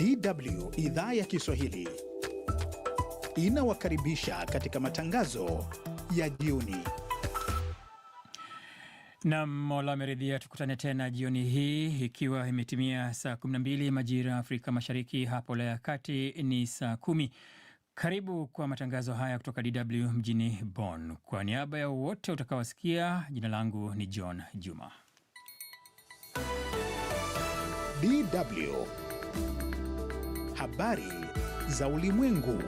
DW idhaa ya Kiswahili inawakaribisha katika matangazo ya jioni. Nam Mola ameridhia, tukutane tena jioni hii ikiwa imetimia saa 12 majira Afrika Mashariki, hapo la ya kati ni saa kumi. Karibu kwa matangazo haya kutoka DW mjini Bonn. Kwa niaba ya wote utakaowasikia, jina langu ni John Juma. DW Habari za ulimwengu.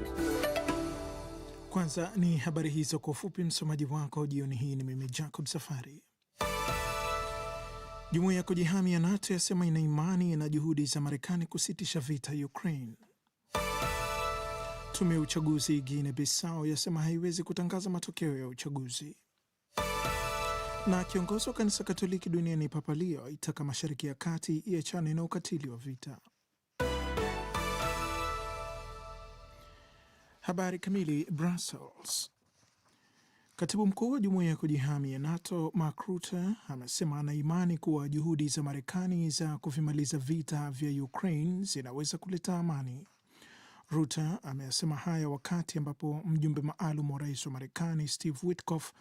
Kwanza ni habari hizo kwa ufupi. Msomaji wako jioni hii ni mimi Jacob Safari. Jumuiya ya kujihami ya NATO yasema ina imani na juhudi za Marekani kusitisha vita Ukraine. Tume ya uchaguzi Guinea Bissau yasema haiwezi kutangaza matokeo ya uchaguzi. Na kiongozi wa kanisa Katoliki duniani Papa Leo aitaka Mashariki ya Kati iachane na ukatili wa vita. Habari kamili. Brussels. Katibu mkuu wa jumuiya ya kujihami ya NATO Mark Rutte amesema ana imani kuwa juhudi za Marekani za kuvimaliza vita vya Ukraine zinaweza kuleta amani. Rutte ameasema haya wakati ambapo mjumbe maalum wa rais wa Marekani Steve Witkoff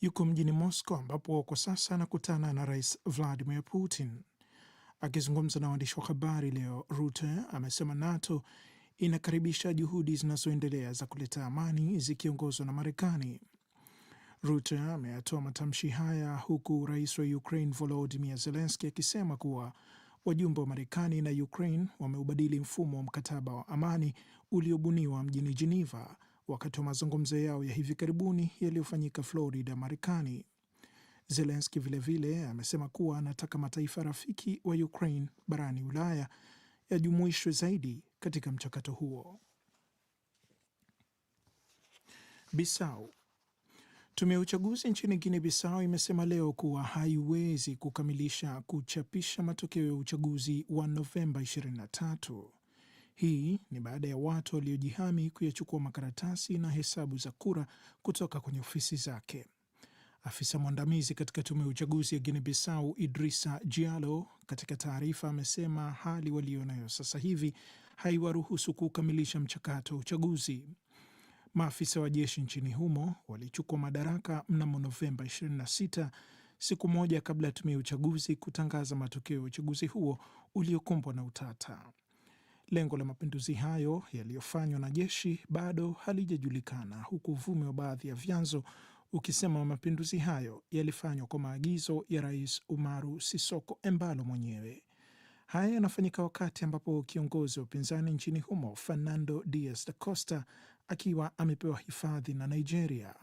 yuko mjini Moscow ambapo kwa sasa anakutana na rais Vladimir Putin. Akizungumza na waandishi wa habari leo, Rutte amesema NATO inakaribisha juhudi zinazoendelea za kuleta amani zikiongozwa na Marekani. rute ameyatoa matamshi haya huku rais wa Ukraine volodimir zelenski akisema kuwa wajumbe wa Marekani na Ukraine wameubadili mfumo wa mkataba wa amani uliobuniwa mjini Geneva wakati wa mazungumzo yao ya hivi karibuni yaliyofanyika Florida, Marekani. zelenski vilevile amesema kuwa anataka mataifa rafiki wa Ukraine barani Ulaya yajumuishwe zaidi katika mchakato huo. Bisau. Tume ya uchaguzi nchini Guinea Bissau imesema leo kuwa haiwezi kukamilisha kuchapisha matokeo ya uchaguzi wa Novemba 23. Hii ni baada ya watu waliojihami kuyachukua makaratasi na hesabu za kura kutoka kwenye ofisi zake. Afisa mwandamizi katika tume ya uchaguzi ya Guinea Bissau, idrisa Diallo, katika taarifa amesema hali walionayo sasa hivi haiwaruhusu kukamilisha mchakato wa uchaguzi. Maafisa wa jeshi nchini humo walichukua madaraka mnamo Novemba 26 siku moja kabla ya tume ya uchaguzi kutangaza matokeo ya uchaguzi huo uliokumbwa na utata. Lengo la mapinduzi hayo yaliyofanywa na jeshi bado halijajulikana, huku uvumi wa baadhi ya vyanzo ukisema mapinduzi hayo yalifanywa kwa maagizo ya Rais Umaru Sisoko Embalo mwenyewe. Haya yanafanyika wakati ambapo kiongozi wa upinzani nchini humo Fernando Dias da Costa akiwa amepewa hifadhi na Nigeria.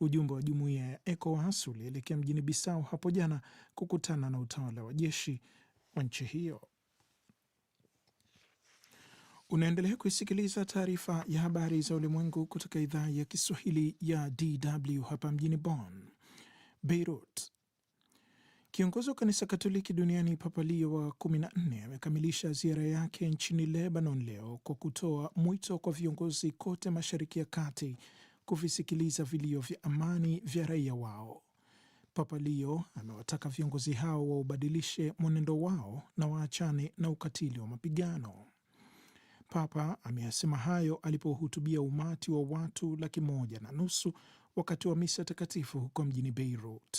Ujumbe wa jumuiya ya ECOWAS ulielekea mjini Bissau hapo jana kukutana na utawala wa jeshi wa nchi hiyo. Unaendelea kuisikiliza taarifa ya habari za ulimwengu kutoka idhaa ya Kiswahili ya DW hapa mjini Bonn. Beirut. Kiongozi wa kanisa Katoliki duniani Papa Leo wa 14 amekamilisha ziara yake nchini Lebanon leo kwa kutoa mwito kwa viongozi kote Mashariki ya Kati kuvisikiliza vilio vya amani vya raia wao. Papa Leo amewataka viongozi hao waubadilishe mwenendo wao na waachane na ukatili wa mapigano. Papa ameyasema hayo alipohutubia umati wa watu laki moja na nusu wakati wa misa takatifu huko mjini Beirut.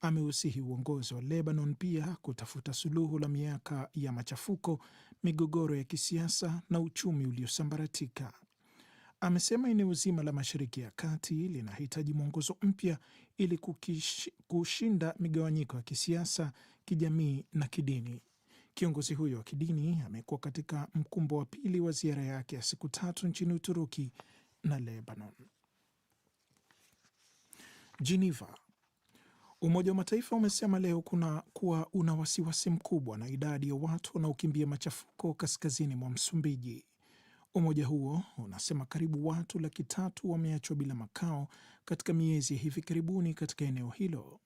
Ameusihi uongozi wa Lebanon pia kutafuta suluhu la miaka ya machafuko, migogoro ya kisiasa na uchumi uliosambaratika. Amesema eneo zima la Mashariki ya Kati linahitaji mwongozo mpya ili kushinda migawanyiko ya kisiasa, kijamii na kidini. Kiongozi huyo wa kidini amekuwa katika mkumbo wa pili wa ziara yake ya siku tatu nchini Uturuki na Lebanon. Geneva. Umoja wa Mataifa umesema leo kuna kuwa una wasiwasi mkubwa na idadi ya watu wanaokimbia machafuko kaskazini mwa Msumbiji. Umoja huo unasema karibu watu laki tatu wameachwa bila makao katika miezi ya hivi karibuni katika eneo hilo.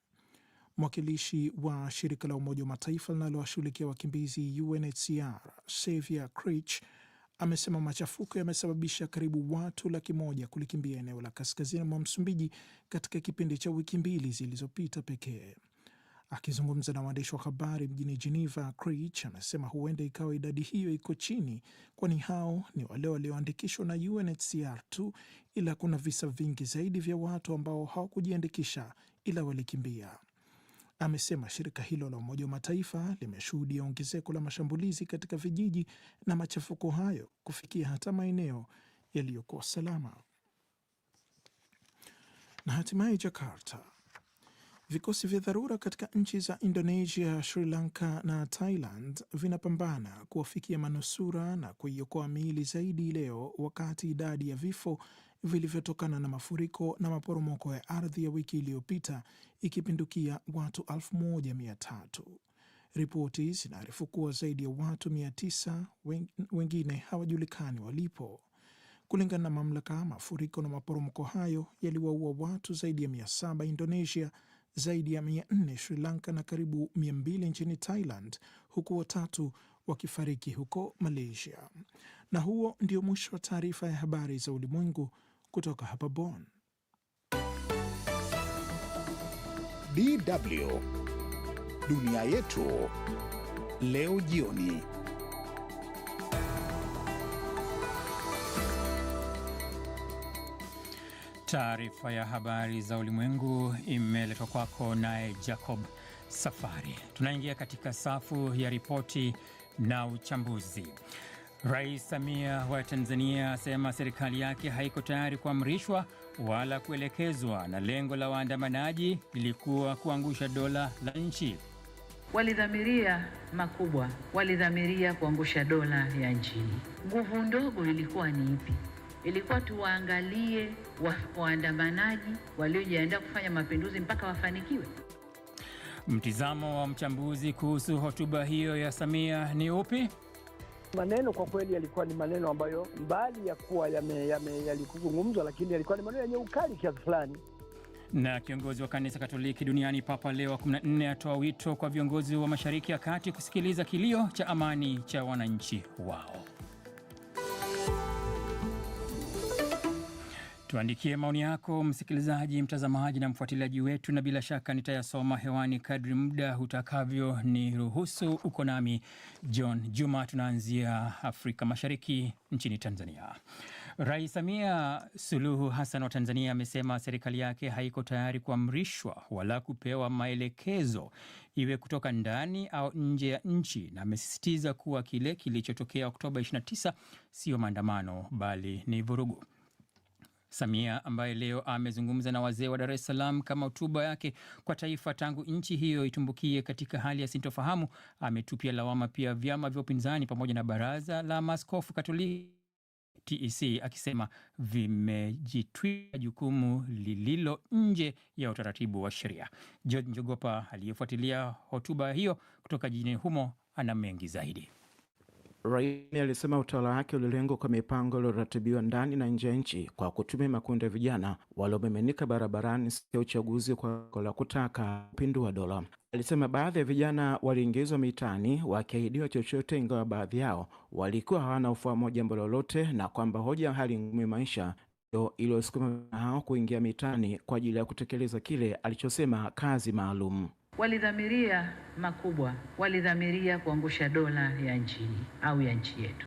Mwakilishi wa shirika la Umoja wa Mataifa linalowashughulikia wakimbizi UNHCR Xavier Crich amesema machafuko yamesababisha karibu watu laki moja kulikimbia eneo la kaskazini mwa Msumbiji katika kipindi cha wiki mbili zilizopita pekee. Akizungumza na waandishi wa habari mjini Geneva, Crich amesema huenda ikawa idadi hiyo iko chini, kwani hao ni wale walioandikishwa na UNHCR tu, ila kuna visa vingi zaidi vya watu ambao hawakujiandikisha ila walikimbia amesema shirika hilo la Umoja wa Mataifa limeshuhudia ongezeko la mashambulizi katika vijiji na machafuko hayo kufikia hata maeneo yaliyokuwa salama. Na hatimaye Jakarta Vikosi vya dharura katika nchi za Indonesia, Sri Lanka na Thailand vinapambana kuwafikia manusura na kuiokoa miili zaidi leo, wakati idadi ya vifo vilivyotokana na mafuriko na maporomoko ya ardhi ya wiki iliyopita ikipindukia watu 1300. Ripoti zinaarifu kuwa zaidi ya watu 9 wengine hawajulikani walipo. Kulingana na mamlaka, mafuriko na maporomoko hayo yaliwaua watu zaidi ya 700 Indonesia zaidi ya nne Sri Lanka na karibu mbili nchini Thailand, huku watatu wakifariki huko Malaysia. Na huo ndio mwisho wa taarifa ya habari za ulimwengu kutoka hapa Bonn. DW Dunia Yetu Leo Jioni. Taarifa ya habari za ulimwengu imeletwa kwako naye Jacob Safari. Tunaingia katika safu ya ripoti na uchambuzi. Rais Samia wa Tanzania asema serikali yake haiko tayari kuamrishwa wala kuelekezwa, na lengo la waandamanaji lilikuwa kuangusha dola la nchi. Walidhamiria makubwa, walidhamiria kuangusha dola ya nchini. Nguvu ndogo ilikuwa ni ipi? ilikuwa tuwaangalie wa, waandamanaji waliojiandaa kufanya mapinduzi mpaka wafanikiwe. Mtizamo wa mchambuzi kuhusu hotuba hiyo ya Samia ni upi? Maneno kwa kweli yalikuwa ni maneno ambayo mbali ya kuwa yalikuzungumzwa, lakini yalikuwa ni maneno yenye ukali kiasi fulani. Na kiongozi wa kanisa Katoliki duniani Papa Leo wa 14 atoa wito kwa viongozi wa Mashariki ya Kati kusikiliza kilio cha amani cha wananchi wao. Tuandikie maoni yako msikilizaji, mtazamaji na mfuatiliaji wetu, na bila shaka nitayasoma hewani kadri muda utakavyo ni ruhusu. Uko nami John Juma. Tunaanzia Afrika Mashariki, nchini Tanzania. Rais Samia Suluhu Hassan wa Tanzania amesema serikali yake haiko tayari kuamrishwa wala kupewa maelekezo iwe kutoka ndani au nje ya nchi, na amesisitiza kuwa kile kilichotokea Oktoba 29 sio maandamano bali ni vurugu. Samia ambaye leo amezungumza na wazee wa Dar es Salaam kama hotuba yake kwa taifa tangu nchi hiyo itumbukie katika hali ya sintofahamu, ametupia lawama pia vyama vya upinzani pamoja na Baraza la maskofu Katoliki TEC akisema vimejitwika jukumu lililo nje ya utaratibu wa sheria. George Njogopa aliyefuatilia hotuba hiyo kutoka jijini humo ana mengi zaidi. Raimi alisema utawala wake ulilengwa kwa mipango iliyoratibiwa ndani na nje ya nchi kwa kutumia makundi ya vijana waliomiminika barabarani siku ya uchaguzi kwa lengo la kutaka kupindua dola. Alisema baadhi ya vijana waliingizwa mitaani wakiahidiwa chochote, ingawa baadhi yao walikuwa hawana ufahamu jambo lolote, na kwamba hoja ya hali ngumu ya maisha ndio iliyosukuma hao kuingia mitaani kwa ajili ya kutekeleza kile alichosema kazi maalum. Walidhamiria makubwa, walidhamiria kuangusha dola ya nchini au ya nchi yetu.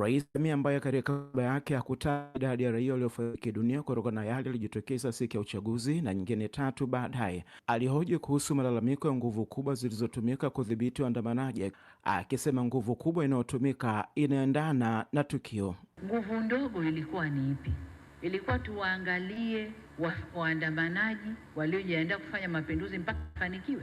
Rais Samia ambaye katika hotuba yake hakutaja idadi ya raia waliofariki dunia kutokana na yale alijitokeza siku ya uchaguzi na nyingine tatu baadaye, alihoji kuhusu malalamiko ya nguvu kubwa zilizotumika kudhibiti waandamanaji, akisema nguvu kubwa inayotumika inaendana na tukio. Nguvu ndogo ilikuwa ni ipi? Ilikuwa tuwaangalie waandamanaji waliojiandaa kufanya mapinduzi mpaka afanikiwe.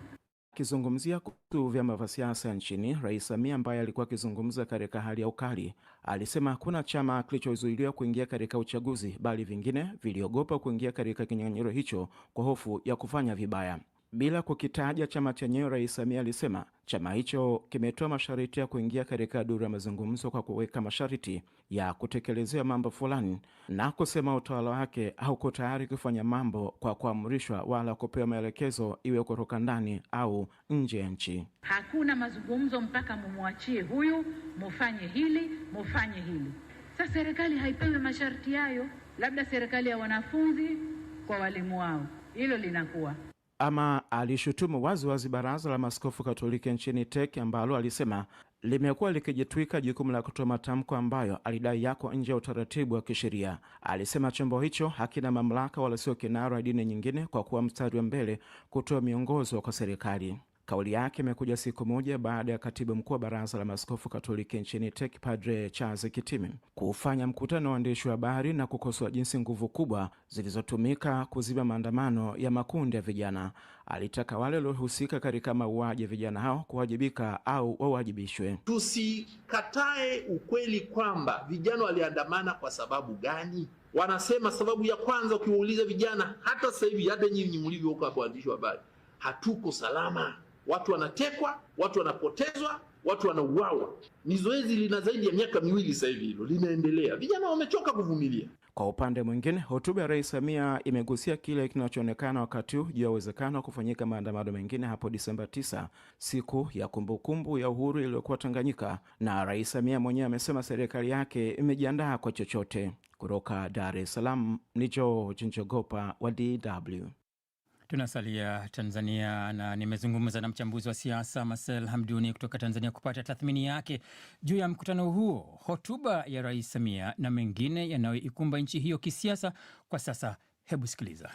Akizungumzia kuhusu vyama vya siasa nchini, Rais Samia ambaye alikuwa akizungumza katika hali ya ukali alisema hakuna chama kilichozuiliwa kuingia katika uchaguzi, bali vingine viliogopa kuingia katika kinyang'anyiro hicho kwa hofu ya kufanya vibaya. Bila kukitaja chama chenyewe, Rais Samia alisema chama hicho kimetoa masharti ya kuingia katika duru ya mazungumzo kwa kuweka masharti ya kutekelezea mambo fulani, na kusema utawala wake hauko tayari kufanya mambo kwa kuamrishwa wala kupewa maelekezo, iwe kutoka ndani au nje ya nchi. Hakuna mazungumzo mpaka mumwachie huyu, mufanye hili, mufanye hili. Sasa serikali haipewi masharti hayo, labda serikali ya wanafunzi kwa walimu wao, hilo linakuwa ama alishutumu waziwazi Baraza la maskofu Katoliki nchini tek ambalo alisema limekuwa likijitwika jukumu la kutoa matamko ambayo alidai yako nje ya utaratibu wa kisheria. Alisema chombo hicho hakina mamlaka wala sio kinara dini nyingine kwa kuwa mstari wa mbele kutoa miongozo kwa serikali. Kauli yake imekuja siku moja baada ya katibu mkuu wa baraza la maskofu Katoliki nchini TEC Padre Charles Kitimi kufanya mkutano wa waandishi wa habari na kukosoa jinsi nguvu kubwa zilizotumika kuziba maandamano ya makundi ya vijana. Alitaka wale waliohusika katika mauaji ya vijana hao kuwajibika au wawajibishwe. Tusikatae ukweli kwamba vijana waliandamana kwa sababu gani. Wanasema sababu ya kwanza, ukiwauliza vijana, hata sasa hivi, hata nyinyi mlivyo huko, waandishi wa habari, hatuko salama watu wanatekwa, watu wanapotezwa, watu wanauawa. Ni zoezi lina zaidi ya miaka miwili sasa hivi, hilo linaendelea, vijana wamechoka kuvumilia. Kwa upande mwingine, hotuba ya Rais Samia imegusia kile kinachoonekana wakati huu juu ya uwezekano wa kufanyika maandamano mengine hapo Disemba 9, siku ya kumbukumbu ya uhuru iliyokuwa Tanganyika, na Rais Samia mwenyewe amesema serikali yake imejiandaa kwa chochote. Kutoka Dar es Salaam ni George Njogopa wa DW. Tunasalia Tanzania na nimezungumza na mchambuzi wa siasa Marcel Hamduni kutoka Tanzania kupata tathmini yake juu ya mkutano huo, hotuba ya Rais Samia na mengine yanayoikumba nchi hiyo kisiasa kwa sasa. Hebu sikiliza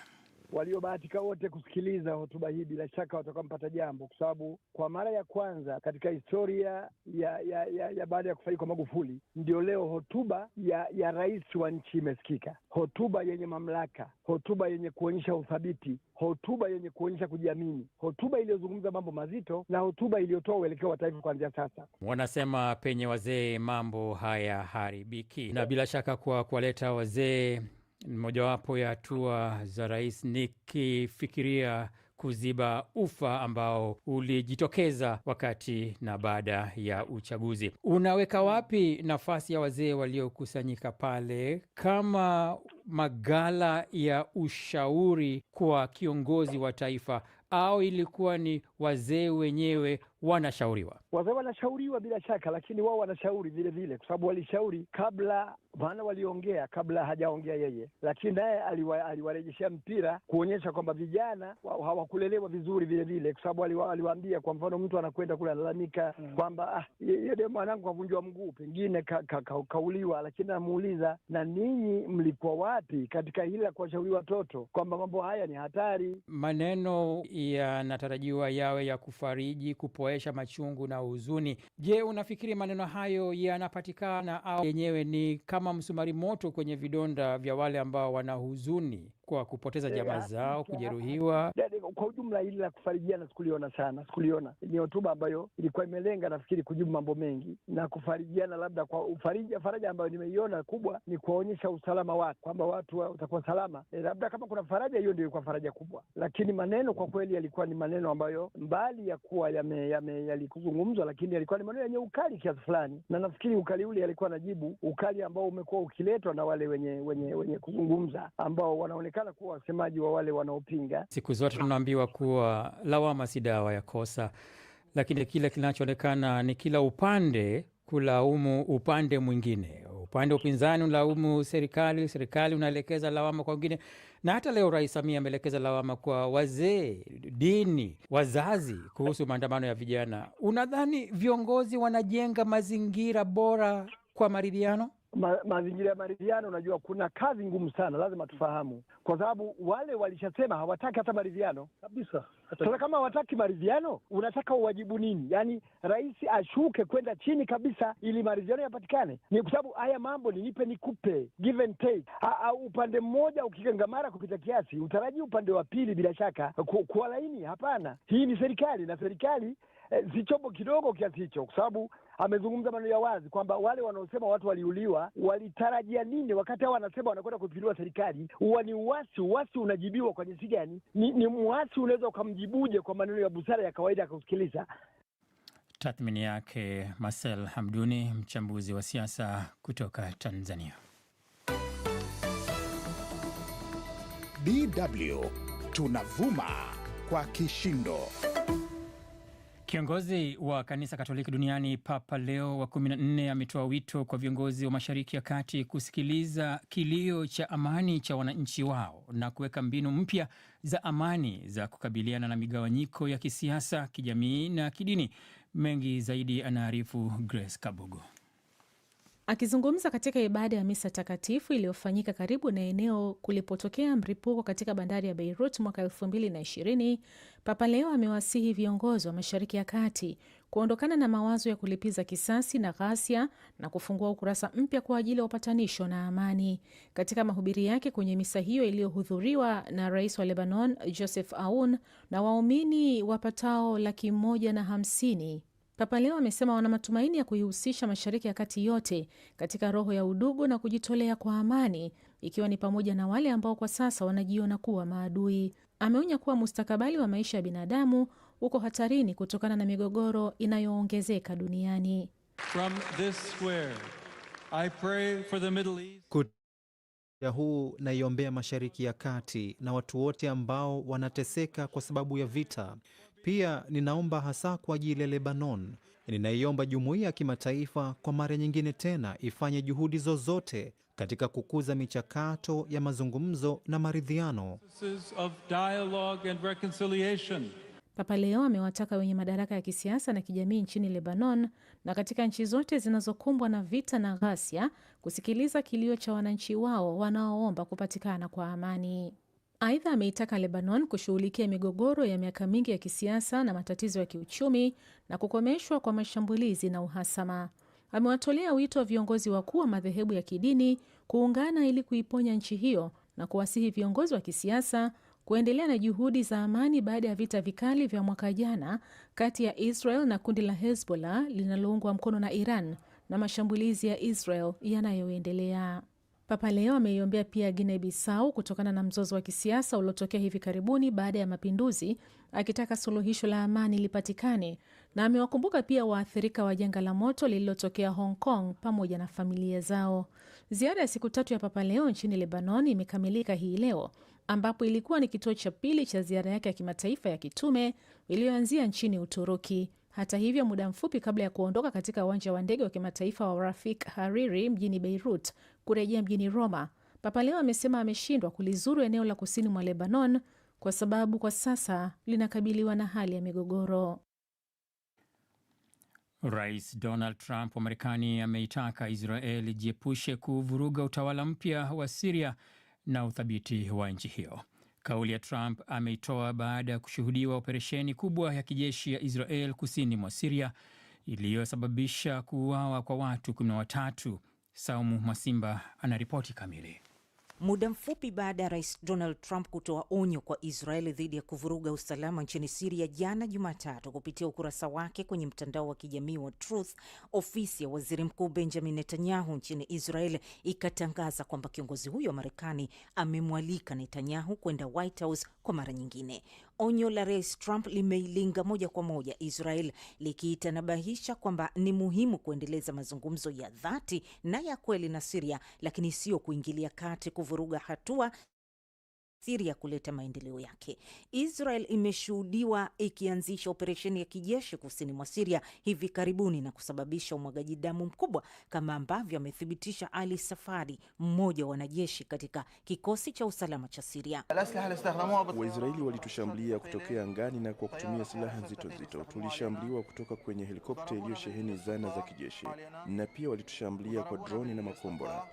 waliobahatika wote kusikiliza hotuba hii bila shaka watakuwa mpata jambo, kwa sababu kwa mara ya kwanza katika historia ya ya, ya, ya baada ya kufariki kwa Magufuli ndio leo hotuba ya, ya rais wa nchi imesikika, hotuba yenye mamlaka, hotuba yenye kuonyesha uthabiti, hotuba yenye kuonyesha kujiamini, hotuba iliyozungumza mambo mazito na hotuba iliyotoa uelekeo wa taifa kuanzia sasa. Wanasema penye wazee mambo haya haribiki na bila shaka kwa kuwaleta wazee mojawapo ya hatua za rais nikifikiria kuziba ufa ambao ulijitokeza wakati na baada ya uchaguzi. Unaweka wapi nafasi ya wazee waliokusanyika pale kama maghala ya ushauri kwa kiongozi wa taifa, au ilikuwa ni wazee wenyewe wanashauriwa? Wazee wanashauriwa bila shaka, lakini wao wanashauri vile vile, kwa sababu walishauri kabla, maana waliongea kabla hajaongea yeye, lakini naye aliwarejeshea aliwa mpira kuonyesha kwamba vijana hawakulelewa vizuri vile vile, kwa sababu aliwaambia, kwa mfano mtu anakwenda kule analalamika mm, kwamba ah, yule mwanangu kavunjwa mguu, pengine kauliwa ka, ka, ka, lakini anamuuliza na ninyi mlikuwa wapi katika hili la kuwashauri watoto kwamba mambo haya ni hatari? Maneno yanatarajiwa ya yawe ya kufariji, kupoesha machungu na huzuni. Je, unafikiri maneno hayo yanapatikana au yenyewe ni kama msumari moto kwenye vidonda vya wale ambao wana huzuni kwa kupoteza eh, jamaa zao, kujeruhiwa. Yaani, kwa ujumla, hili la kufarijiana sikuliona sana, sikuliona. Ni hotuba ambayo ilikuwa imelenga nafikiri kujibu mambo mengi na kufarijiana, labda kwa ufarija. Faraja ambayo nimeiona kubwa ni kuwaonyesha usalama wake kwamba watu watakuwa salama. E, labda kama kuna faraja, hiyo ndio ilikuwa faraja kubwa, lakini maneno kwa kweli yalikuwa ni maneno ambayo mbali ya kuwa yalikuzungumzwa, lakini yalikuwa ni maneno yenye ukali kiasi fulani, na nafikiri ukali ule alikuwa najibu ukali ambao umekuwa ukiletwa na wale wenye wenye wenye kuzungumza ambao wanaonekana wanaonekana kuwa wasemaji wa wale wanaopinga. Siku zote tunaambiwa kuwa lawama si dawa ya kosa, lakini kile kinachoonekana ni kila upande kulaumu upande mwingine. Upande wa upinzani unalaumu serikali, serikali unaelekeza lawama kwa wengine, na hata leo Rais Samia ameelekeza lawama kwa wazee, dini, wazazi kuhusu maandamano ya vijana. Unadhani viongozi wanajenga mazingira bora kwa maridhiano? mazingira ya maridhiano, unajua kuna kazi ngumu sana, lazima tufahamu, kwa sababu wale walishasema hawataki hata maridhiano kabisa. Sasa kama hawataki maridhiano, unataka uwajibu nini? Yaani rais ashuke kwenda chini kabisa, ili maridhiano yapatikane? Ni kwa sababu haya mambo ni nipe nikupe, give and take. Upande mmoja ukigangamara kupita kiasi, utarajii upande wa pili bila shaka kuwa laini. Hapana, hii ni serikali na serikali zichombo eh, zichopo kidogo kiasi hicho, kwa sababu amezungumza maneno ya wazi kwamba wale wanaosema watu waliuliwa walitarajia nini, wakati hao wanasema wanakwenda kupindua serikali. Huwa ni uasi. Uasi unajibiwa kwa jinsi gani? Ni, ni mwasi unaweza ukamjibuje kwa maneno ya busara ya kawaida akausikiliza? Tathmini yake Marcel Hamduni, mchambuzi wa siasa kutoka Tanzania. DW tunavuma kwa kishindo. Kiongozi wa kanisa Katoliki duniani Papa Leo wa 14 ametoa wito kwa viongozi wa Mashariki ya Kati kusikiliza kilio cha amani cha wananchi wao na kuweka mbinu mpya za amani za kukabiliana na migawanyiko ya kisiasa, kijamii na kidini. Mengi zaidi anaarifu Grace Kabogo. Akizungumza katika ibada ya misa takatifu iliyofanyika karibu na eneo kulipotokea mripuko katika bandari ya Beirut mwaka elfu mbili na ishirini, Papa Leo amewasihi viongozi wa Mashariki ya Kati kuondokana na mawazo ya kulipiza kisasi na ghasia na kufungua ukurasa mpya kwa ajili ya upatanisho na amani. Katika mahubiri yake kwenye misa hiyo iliyohudhuriwa na rais wa Lebanon Joseph Aoun na waumini wapatao laki moja na hamsini Papa Leo amesema wana matumaini ya kuihusisha Mashariki ya Kati yote katika roho ya udugu na kujitolea kwa amani, ikiwa ni pamoja na wale ambao kwa sasa wanajiona kuwa maadui. Ameonya kuwa mustakabali wa maisha ya binadamu uko hatarini kutokana na migogoro inayoongezeka duniani. From this square, I pray for the Middle East. Kutia huu naiombea Mashariki ya Kati na watu wote ambao wanateseka kwa sababu ya vita pia ninaomba hasa kwa ajili ya Lebanon. Ninaiomba jumuiya ya kimataifa kwa mara nyingine tena ifanye juhudi zozote katika kukuza michakato ya mazungumzo na maridhiano. Papa Leo amewataka wenye madaraka ya kisiasa na kijamii nchini Lebanon na katika nchi zote zinazokumbwa na vita na ghasia kusikiliza kilio cha wananchi wao wanaoomba kupatikana kwa amani. Aidha, ameitaka Lebanon kushughulikia migogoro ya miaka mingi ya kisiasa na matatizo ya kiuchumi na kukomeshwa kwa mashambulizi na uhasama. Amewatolea wito wa viongozi wakuu wa madhehebu ya kidini kuungana ili kuiponya nchi hiyo na kuwasihi viongozi wa kisiasa kuendelea na juhudi za amani baada ya vita vikali vya mwaka jana kati ya Israel na kundi la Hezbollah linaloungwa mkono na Iran na mashambulizi ya Israel yanayoendelea. Papa Leo ameiombea pia Guinea Bissau kutokana na mzozo wa kisiasa uliotokea hivi karibuni baada ya mapinduzi, akitaka suluhisho la amani lipatikane, na amewakumbuka pia waathirika wa janga la moto lililotokea Hong Kong pamoja na familia zao. Ziara ya siku tatu ya Papa Leo nchini Lebanon imekamilika hii leo, ambapo ilikuwa ni kituo cha pili cha ziara yake ya kimataifa ya kitume iliyoanzia nchini Uturuki. Hata hivyo, muda mfupi kabla ya kuondoka katika uwanja wa ndege wa kimataifa wa Rafik Hariri mjini Beirut, kurejea mjini Roma, Papa leo amesema ameshindwa kulizuru eneo la kusini mwa Lebanon kwa sababu kwa sasa linakabiliwa na hali ya migogoro. Rais Donald Trump wa Marekani ameitaka Israel ijiepushe kuvuruga utawala mpya wa Siria na uthabiti wa nchi hiyo. Kauli ya Trump ameitoa baada ya kushuhudiwa operesheni kubwa ya kijeshi ya Israel kusini mwa Siria iliyosababisha kuuawa kwa watu watatu Saumu Mwasimba anaripoti kamili. Muda mfupi baada ya rais Donald Trump kutoa onyo kwa Israeli dhidi ya kuvuruga usalama nchini Siria jana Jumatatu, kupitia ukurasa wake kwenye mtandao wa kijamii wa Truth, ofisi ya waziri mkuu Benjamin Netanyahu nchini Israel ikatangaza kwamba kiongozi huyo wa Marekani amemwalika Netanyahu kwenda White House kwa mara nyingine. Onyo la Rais Trump limeilinga moja kwa moja Israel likitanabahisha kwamba ni muhimu kuendeleza mazungumzo ya dhati na ya kweli na Siria, lakini sio kuingilia kati kuvuruga hatua Siria kuleta maendeleo yake. Israel imeshuhudiwa ikianzisha operesheni ya kijeshi kusini mwa Siria hivi karibuni na kusababisha umwagaji damu mkubwa, kama ambavyo amethibitisha Ali Safari, mmoja wa wanajeshi katika kikosi cha usalama cha Siria. Waisraeli walitushambulia kutokea angani na kwa kutumia silaha nzito nzito. Tulishambuliwa kutoka kwenye helikopta iliyosheheni zana za kijeshi, na pia walitushambulia kwa droni na makombora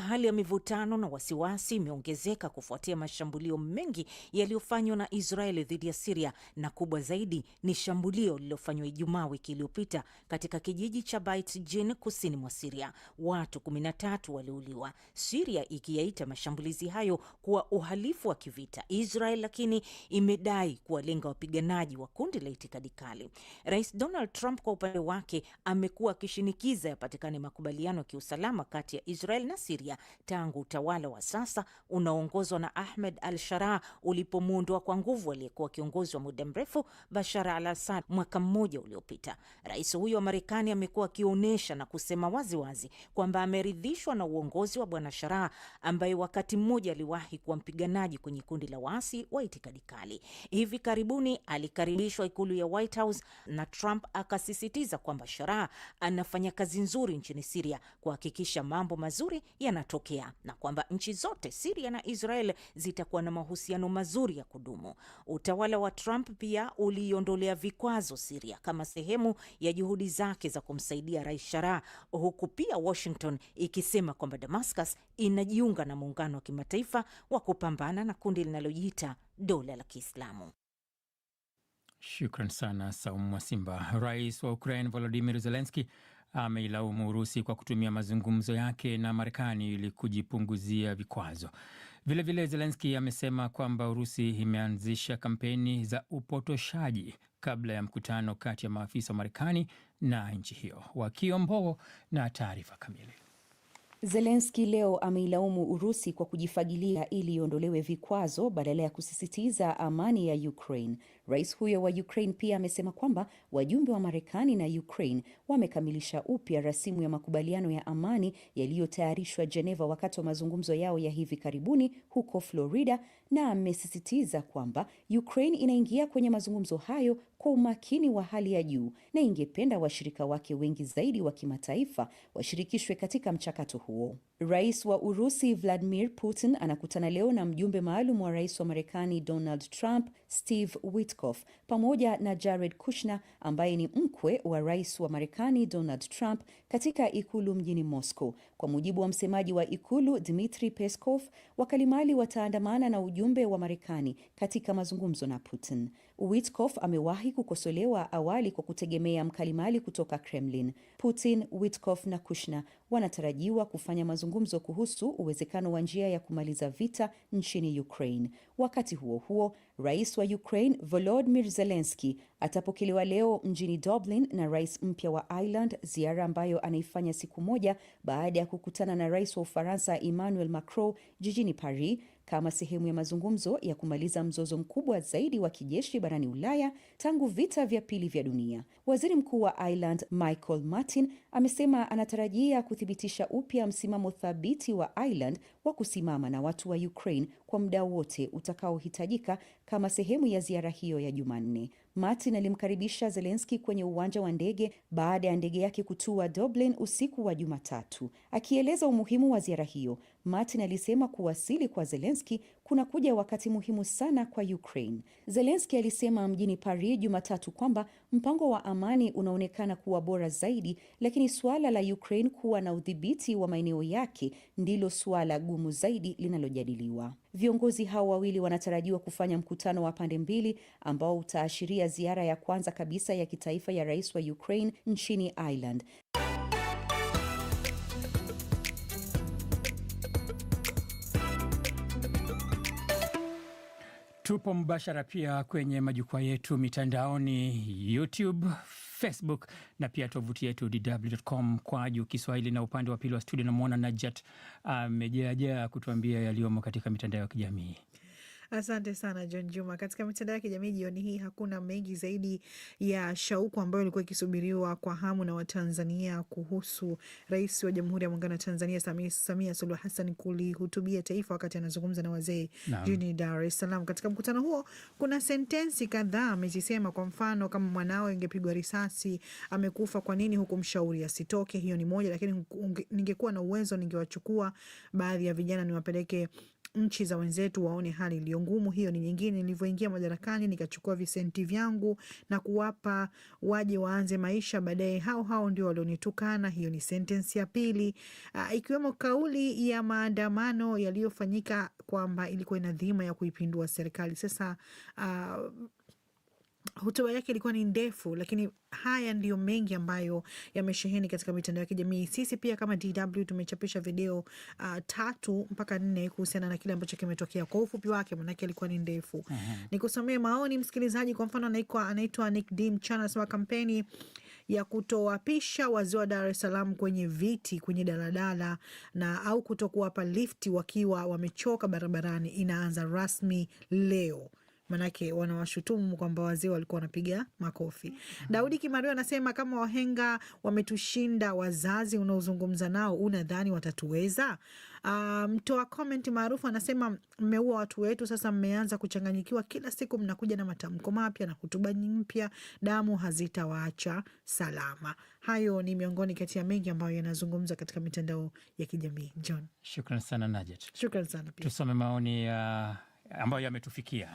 hali ya mivutano na wasiwasi imeongezeka kufuatia mashambulio mengi yaliyofanywa na Israeli dhidi ya Siria, na kubwa zaidi ni shambulio lililofanywa Ijumaa wiki iliyopita katika kijiji cha bit Jin kusini mwa Siria. Watu 13 waliuliwa, Siria ikiyaita mashambulizi hayo kuwa uhalifu wa kivita. Israel lakini imedai kuwalenga wapiganaji wa kundi la itikadi kali. Rais Donald Trump kwa upande wake amekuwa akishinikiza yapatikane makubaliano ya kiusalama kati ya Israel na Siria Somalia tangu utawala wa sasa unaoongozwa na Ahmed al shara ulipomwondoa kwa nguvu aliyekuwa kiongozi wa muda mrefu Bashar al Assad mwaka mmoja uliopita. Rais huyo wa Marekani amekuwa akionyesha na kusema waziwazi kwamba ameridhishwa na uongozi wa Bwana Sharaa ambaye wakati mmoja aliwahi kuwa mpiganaji kwenye kundi la waasi wa itikadi kali. Hivi karibuni alikaribishwa ikulu ya White House na Trump akasisitiza kwamba Sharaa anafanya kazi nzuri nchini Siria kuhakikisha mambo mazuri yana unatokea na kwamba nchi zote Siria na Israel zitakuwa na mahusiano mazuri ya kudumu. Utawala wa Trump pia uliiondolea vikwazo Siria kama sehemu ya juhudi zake za kumsaidia Rais shara huku pia Washington ikisema kwamba Damascus inajiunga na muungano wa kimataifa wa kupambana na kundi linalojiita dola la Kiislamu. Shukran sana Saumu Mwasimba. Rais wa Ukraine Volodimir Zelenski ameilaumu Urusi kwa kutumia mazungumzo yake na Marekani ili kujipunguzia vikwazo. Vilevile, Zelenski amesema kwamba Urusi imeanzisha kampeni za upotoshaji kabla ya mkutano kati ya maafisa wa Marekani na nchi hiyo. Wakiombo na taarifa kamili. Zelenski leo ameilaumu Urusi kwa kujifagilia ili iondolewe vikwazo badala ya kusisitiza amani ya Ukraine. Rais huyo wa Ukraine pia amesema kwamba wajumbe wa Marekani na Ukraine wamekamilisha upya rasimu ya makubaliano ya amani yaliyotayarishwa Geneva wakati wa mazungumzo yao ya hivi karibuni huko Florida, na amesisitiza kwamba Ukraine inaingia kwenye mazungumzo hayo kwa umakini wa hali ya juu na ingependa washirika wake wengi zaidi wa kimataifa washirikishwe katika mchakato huo. Rais wa Urusi Vladimir Putin anakutana leo na mjumbe maalum wa Rais wa Marekani Donald Trump, Steve Witkoff Peskov pamoja na Jared Kushner ambaye ni mkwe wa rais wa Marekani Donald Trump katika ikulu mjini Moscow. Kwa mujibu wa msemaji wa ikulu Dmitry Peskov, wakalimali wataandamana na ujumbe wa Marekani katika mazungumzo na Putin. Witkoff amewahi kukosolewa awali kwa kutegemea mkalimali kutoka Kremlin. Putin, Witkoff na Kushner wanatarajiwa kufanya mazungumzo kuhusu uwezekano wa njia ya kumaliza vita nchini Ukraine. Wakati huo huo, rais wa Ukraine Volodymyr Zelensky atapokelewa leo mjini Dublin na rais mpya wa Ireland, ziara ambayo anaifanya siku moja baada ya kukutana na rais wa Ufaransa Emmanuel Macron jijini Paris kama sehemu ya mazungumzo ya kumaliza mzozo mkubwa zaidi wa kijeshi barani Ulaya tangu vita vya pili vya dunia. Waziri Mkuu wa Ireland Michael Martin amesema anatarajia kuthibitisha upya msimamo thabiti wa Ireland wa kusimama na watu wa Ukraine kwa muda wote utakaohitajika kama sehemu ya ziara hiyo ya Jumanne. Martin alimkaribisha zelenski kwenye uwanja wa ndege baada ya ndege yake kutua Dublin usiku wa Jumatatu, akieleza umuhimu wa ziara hiyo. Martin alisema kuwasili kwa kuna kunakuja wakati muhimu sana kwa Ukraine. zelenski alisema mjini Paris Jumatatu kwamba mpango wa amani unaonekana kuwa bora zaidi, lakini suala la Ukraine kuwa na udhibiti wa maeneo yake ndilo suala gumu zaidi linalojadiliwa. Viongozi hao wawili wanatarajiwa kufanya mkutano wa pande mbili ambao utaashiria ziara ya kwanza kabisa ya kitaifa ya rais wa Ukraine nchini Ireland. Tupo mbashara pia kwenye majukwaa yetu mitandaoni YouTube, Facebook na pia tovuti yetu dw.com kwa juu Kiswahili, na upande wa pili wa studio namwona Najat amejeajea kutuambia yaliyomo katika mitandao ya kijamii. Asante sana John Juma. Katika mitandao ya kijamii jioni hii hakuna mengi zaidi ya shauku ambayo ilikuwa ikisubiriwa kwa hamu na Watanzania kuhusu Rais wa Jamhuri ya Muungano wa Tanzania Samia, Samia Suluhu Hassan kulihutubia taifa wakati anazungumza na wazee jijini Dar es Salaam. Katika mkutano huo kuna sentensi kadhaa amezisema, kwa mfano kama mwanawe ingepigwa risasi amekufa, kwa nini hukumshauri asitoke? Hiyo ni moja, lakini ningekuwa na uwezo ningewachukua baadhi ya vijana niwapeleke nchi za wenzetu waone hali iliyo ngumu. Hiyo ni nyingine. Nilivyoingia madarakani, nikachukua visenti vyangu na kuwapa waje waanze maisha, baadaye hao hao ndio walionitukana. Hiyo ni sentensi ya pili, uh, ikiwemo kauli ya maandamano yaliyofanyika kwamba ilikuwa ina dhima ya kuipindua serikali. Sasa uh, Hotuba yake ilikuwa ni ndefu, lakini haya ndiyo mengi ambayo yamesheheni katika mitandao ya kijamii. Sisi pia kama DW tumechapisha video uh, tatu mpaka nne kuhusiana na kile ambacho kimetokea kwa ufupi wake, manake alikuwa ni ndefu. Mhm. Nikusomee maoni msikilizaji. Kwa mfano, anaitwa Nick D Mchana anasema kampeni ya kutowapisha wazee wa Dar es Salaam kwenye viti kwenye daladala na au kutokuwapa lifti wakiwa wamechoka barabarani inaanza rasmi leo manake wanawashutumu kwamba wazee walikuwa wanapiga makofi. Mm-hmm. Daudi Kimario anasema kama wahenga wametushinda, wazazi unaozungumza nao unadhani watatuweza? Ah, mtoa um, comment maarufu anasema mmeua watu wetu, sasa mmeanza kuchanganyikiwa, kila siku mnakuja na matamko mapya na hotuba mpya, damu hazitawaacha salama. Hayo ni miongoni kati ya mengi ambayo yanazungumzwa katika mitandao ya kijamii. John, shukran sana Najat, shukran sana pia. Tusome maoni ya uh ambayo yametufikia.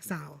Sawa.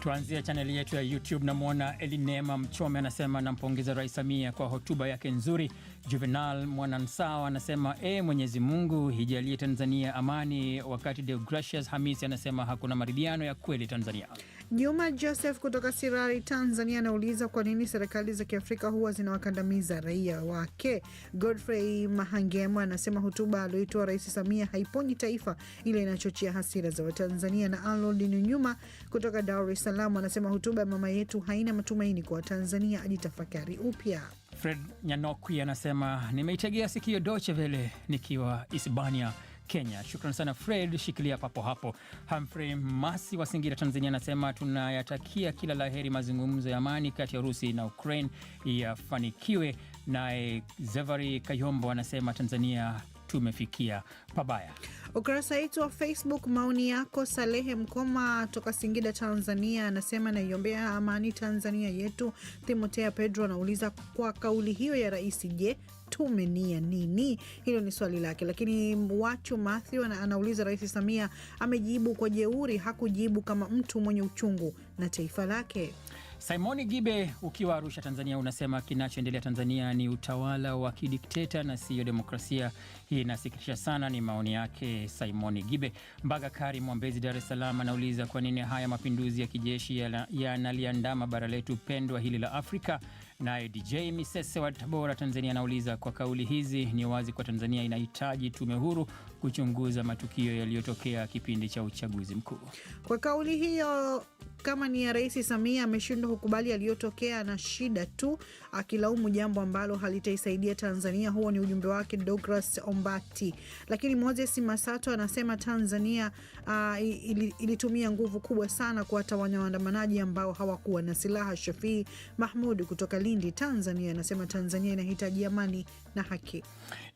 Tuanzie chaneli yetu ya YouTube. Namwona Elinema Mchome anasema nampongeza Rais Samia kwa hotuba yake nzuri. Juvenal Mwanansawa anasema e, Mwenyezi Mungu hijalie Tanzania amani, wakati Deogracius Hamisi anasema hakuna maridhiano ya kweli Tanzania. Juma Joseph kutoka Sirari, Tanzania, anauliza kwa nini serikali za Kiafrika huwa zinawakandamiza raia wake. Godfrey Mahangema anasema hotuba aliyoitoa Rais Samia haiponyi taifa, ile inachochea hasira za Watanzania. Na Arnold Nyuma kutoka Dar es Salaam anasema hotuba ya mama yetu haina matumaini kwa Watanzania, ajitafakari upya. Fred Nyanokwi anasema nimeitegea sikio Deutsche Welle nikiwa Hispania Kenya. Shukran sana Fred, shikilia papo hapo. Humphrey Masi wa Singida, Tanzania, anasema tunayatakia kila laheri mazungumzo ya amani kati ya Urusi na Ukraine yafanikiwe. Naye Zevari Kayombo anasema Tanzania tumefikia pabaya. Ukurasa wetu wa Facebook, maoni yako. Salehe Mkoma toka Singida, Tanzania, anasema naiombea amani Tanzania yetu. Timotea Pedro anauliza kwa kauli hiyo ya rais, je, tume ni ya nini? Hilo ni swali lake. Lakini Wachu Mathew anauliza, Rais Samia amejibu kwa jeuri, hakujibu kama mtu mwenye uchungu na taifa lake. Simoni Gibe ukiwa Arusha, Tanzania, unasema kinachoendelea Tanzania ni utawala wa kidikteta na siyo demokrasia. Hii inasikitisha sana. Ni maoni yake Simoni Gibe. Mbaga Kari Mwambezi, Dar es Salaam, anauliza kwa nini haya mapinduzi ya kijeshi yanaliandama ya bara letu pendwa hili la Afrika? Naye DJ Misese wa Tabora, Tanzania, anauliza kwa kauli hizi ni wazi kwa Tanzania inahitaji tume huru kuchunguza matukio yaliyotokea kipindi cha uchaguzi mkuu. Kwa kauli hiyo kama ni ya Rais Samia ameshindwa kukubali yaliyotokea na shida tu akilaumu jambo ambalo halitaisaidia Tanzania. Huo ni ujumbe wake Douglas Ombati. Lakini Moses Masato anasema Tanzania uh, ah, il, ilitumia nguvu kubwa sana kuwatawanya waandamanaji ambao hawakuwa na silaha. Shafii Mahmud kutoka Lindi, Tanzania, anasema Tanzania inahitaji amani na haki.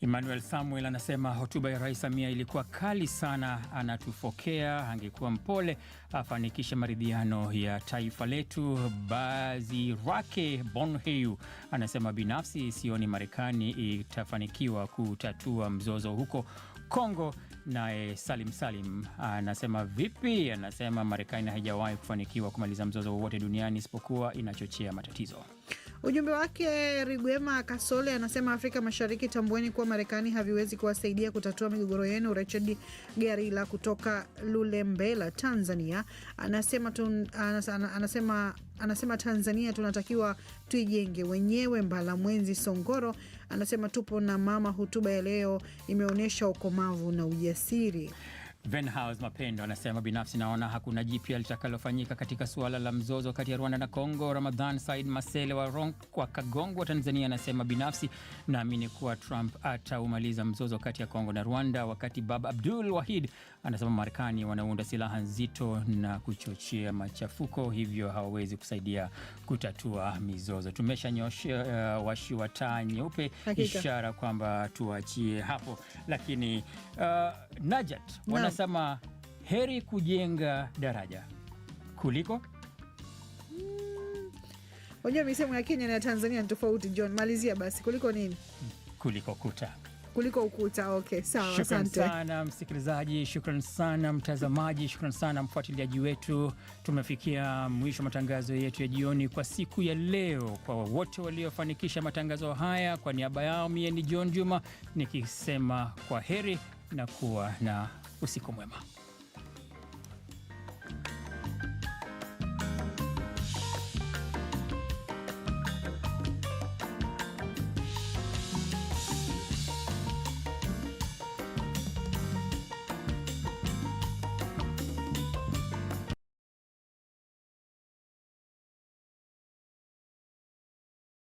Emmanuel Samuel anasema hotuba ya Rais Samia ilikuwa kali sana, anatufokea. Angekuwa mpole afanikishe maridhiano ya taifa letu. Bazi Rake Bonheu anasema binafsi sioni Marekani itafanikiwa kutatua mzozo huko Kongo. Naye Salim Salim anasema vipi? Anasema Marekani haijawahi kufanikiwa kumaliza mzozo wowote duniani isipokuwa inachochea matatizo. Ujumbe wake Rigwema Kasole anasema Afrika Mashariki, tambueni kuwa Marekani haviwezi kuwasaidia kutatua migogoro yenu. Richard Garila kutoka Lulembela, Tanzania anasema, tun, anasema, anasema anasema Tanzania tunatakiwa tuijenge wenyewe. Mbala Mwenzi Songoro anasema tupo na mama, hotuba ya leo imeonyesha ukomavu na ujasiri. Venhouse Mapendo anasema binafsi naona hakuna jipya litakalofanyika katika suala la mzozo kati ya Rwanda na Kongo. Ramadhan Said Masele wa Kagongwa, Tanzania, anasema binafsi naamini kuwa Trump ataumaliza mzozo kati ya Kongo na Rwanda, wakati Bab Abdul Wahid anasema Marekani wanaunda silaha nzito na kuchochea machafuko, hivyo hawawezi kusaidia kutatua mizozo. Tumeshanyosha uh, washi wa taa nyeupe, ishara kwamba tuachie hapo, lakini uh, Najat anasema heri kujenga daraja kuliko hmm. Unajua misemo ya Kenya na Tanzania ni tofauti. John, malizia basi, kuliko nini? Kuliko kuta, kuliko ukuta. Okay, sawa. Shukran sana msikilizaji, shukran sana mtazamaji, shukran sana mfuatiliaji wetu. Tumefikia mwisho matangazo yetu ya jioni kwa siku ya leo. Kwa wote waliofanikisha matangazo haya, kwa niaba yao mie ni John Juma nikisema kwa heri na kuwa na pues sí como Emma.